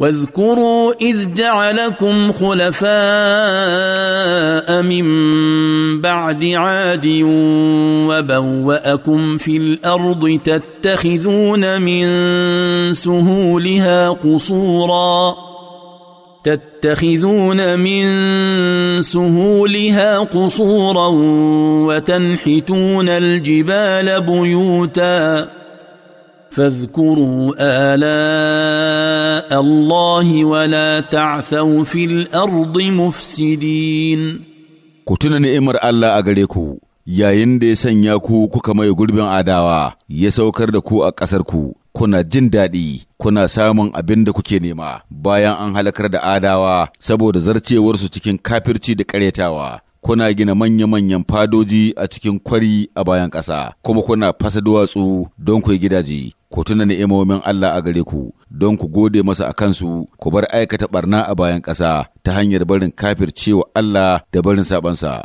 واذكروا اذ جعلكم خلفاء من بعد عاد وبواكم في الارض تتخذون من سهولها قصورا تتخذون من سهولها قصورا وتنحتون الجبال بيوتا فاذكروا آلاء الله ولا تعثوا في الأرض مفسدين كتنا نئمر الله أغريكو yayin da ya sanya ku kuka mai gurbin adawa ya saukar da ku a ƙasarku kuna jin daɗi kuna samun abin da kuke nema bayan an halakar da adawa saboda zarcewarsu cikin kafirci da ƙaryatawa, kuna gina manya-manyan fadoji a cikin kwari a bayan ƙasa kuma kuna fasa duwatsu don ku gidaje ku tuna ni'imomin Allah a gare ku don ku gode masa a kansu ku bar aikata barna a bayan ƙasa ta hanyar barin kafircewa Allah da barin sabansa